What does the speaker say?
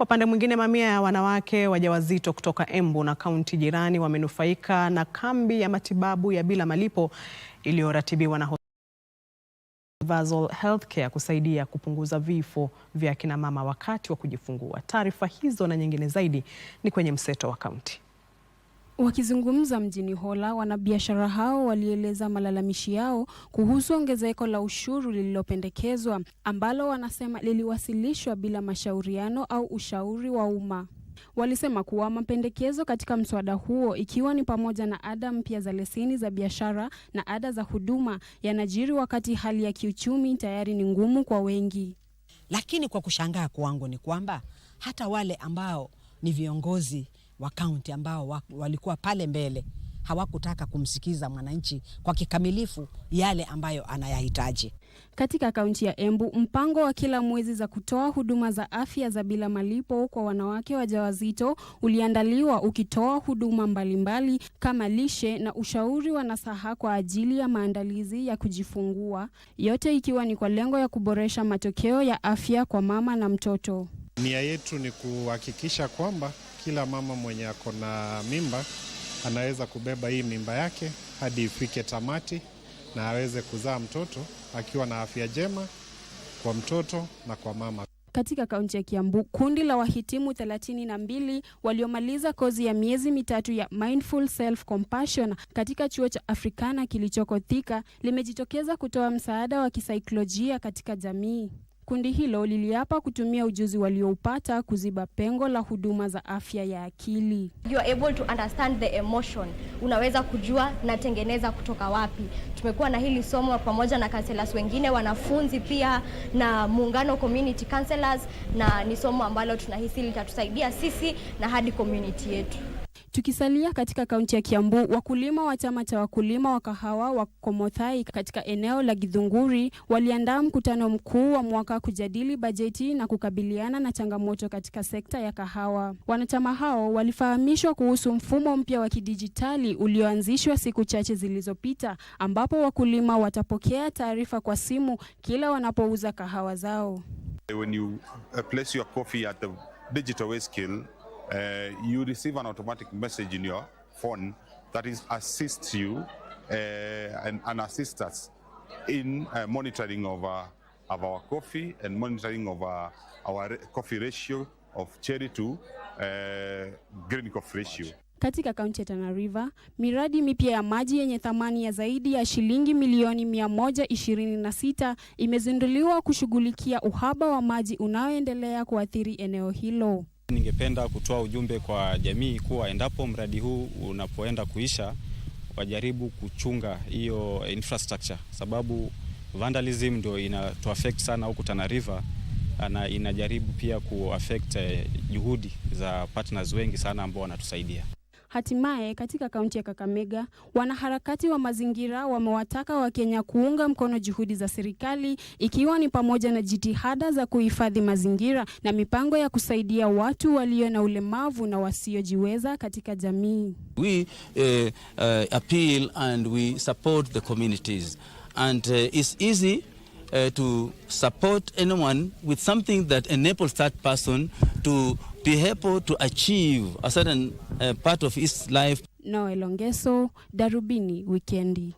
Kwa upande mwingine, mamia ya wanawake wajawazito kutoka Embu na kaunti jirani wamenufaika na kambi ya matibabu ya bila malipo iliyoratibiwa na Universal Healthcare kusaidia kupunguza vifo vya kina mama wakati wa kujifungua. Taarifa hizo na nyingine zaidi ni kwenye mseto wa kaunti. Wakizungumza mjini Hola, wanabiashara hao walieleza malalamishi yao kuhusu ongezeko la ushuru lililopendekezwa ambalo wanasema liliwasilishwa bila mashauriano au ushauri wa umma. Walisema kuwa mapendekezo katika mswada huo ikiwa ni pamoja na ada mpya za leseni za biashara na ada za huduma yanajiri wakati hali ya kiuchumi tayari ni ngumu kwa wengi. Lakini kwa kushangaa kwangu ni kwamba hata wale ambao ni viongozi wa kaunti ambao wa, walikuwa pale mbele hawakutaka kumsikiza mwananchi kwa kikamilifu yale ambayo anayahitaji. Katika kaunti ya Embu, mpango wa kila mwezi za kutoa huduma za afya za bila malipo kwa wanawake wajawazito uliandaliwa ukitoa huduma mbalimbali mbali kama lishe na ushauri wa nasaha kwa ajili ya maandalizi ya kujifungua, yote ikiwa ni kwa lengo ya kuboresha matokeo ya afya kwa mama na mtoto. Nia yetu ni kuhakikisha kwamba kila mama mwenye ako na mimba anaweza kubeba hii mimba yake hadi ifike tamati na aweze kuzaa mtoto akiwa na afya njema kwa mtoto na kwa mama. Katika kaunti ya Kiambu, kundi la wahitimu 32 waliomaliza kozi ya miezi mitatu ya Mindful Self Compassion katika chuo cha afrikana kilichoko Thika limejitokeza kutoa msaada wa kisaikolojia katika jamii kundi hilo liliapa kutumia ujuzi walioupata kuziba pengo la huduma za afya ya akili. You are able to understand the emotion. Unaweza kujua natengeneza kutoka wapi. Tumekuwa na hili somo pamoja na counselors wengine, wanafunzi pia na muungano community counselors, na ni somo ambalo tunahisi litatusaidia sisi na hadi community yetu. Tukisalia katika kaunti ya Kiambu, wakulima wa chama cha wakulima wa kahawa wa Komothai katika eneo la Githunguri waliandaa mkutano mkuu wa mwaka kujadili bajeti na kukabiliana na changamoto katika sekta ya kahawa. Wanachama hao walifahamishwa kuhusu mfumo mpya wa kidijitali ulioanzishwa siku chache zilizopita, ambapo wakulima watapokea taarifa kwa simu kila wanapouza kahawa zao. When you uh, place your coffee at the digital scale uh, you receive an automatic message in your phone that is assists you uh, and, and assists us in uh, monitoring of, uh, of our coffee and monitoring of uh, our coffee ratio of cherry to uh, green coffee ratio. Katika kaunti ya Tana River, miradi mipya ya maji yenye thamani ya zaidi ya shilingi milioni 126 imezinduliwa kushughulikia uhaba wa maji unaoendelea kuathiri eneo hilo. Ningependa kutoa ujumbe kwa jamii kuwa endapo mradi huu unapoenda kuisha, wajaribu kuchunga hiyo infrastructure, sababu vandalism ndio inatuaffect sana huku Tana River ah, na inajaribu pia kuaffect eh, juhudi za partners wengi sana ambao wanatusaidia. Hatimaye, katika kaunti ya Kakamega, wanaharakati wa mazingira wamewataka Wakenya kuunga mkono juhudi za serikali ikiwa ni pamoja na jitihada za kuhifadhi mazingira na mipango ya kusaidia watu walio na ulemavu na wasiojiweza katika jamii. We, uh, uh, appeal and we support the communities and uh, it's easy uh, to support anyone with something that enables that person to be able to achieve a certain uh, part of his life. Noel Ongeso, Darubini Wikendi.